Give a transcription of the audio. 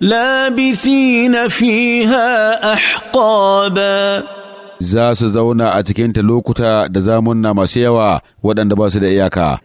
لابثين فيها أحقابا za su zauna a cikinta lokuta da zamunna masu yawa waɗanda ba su da iyaka.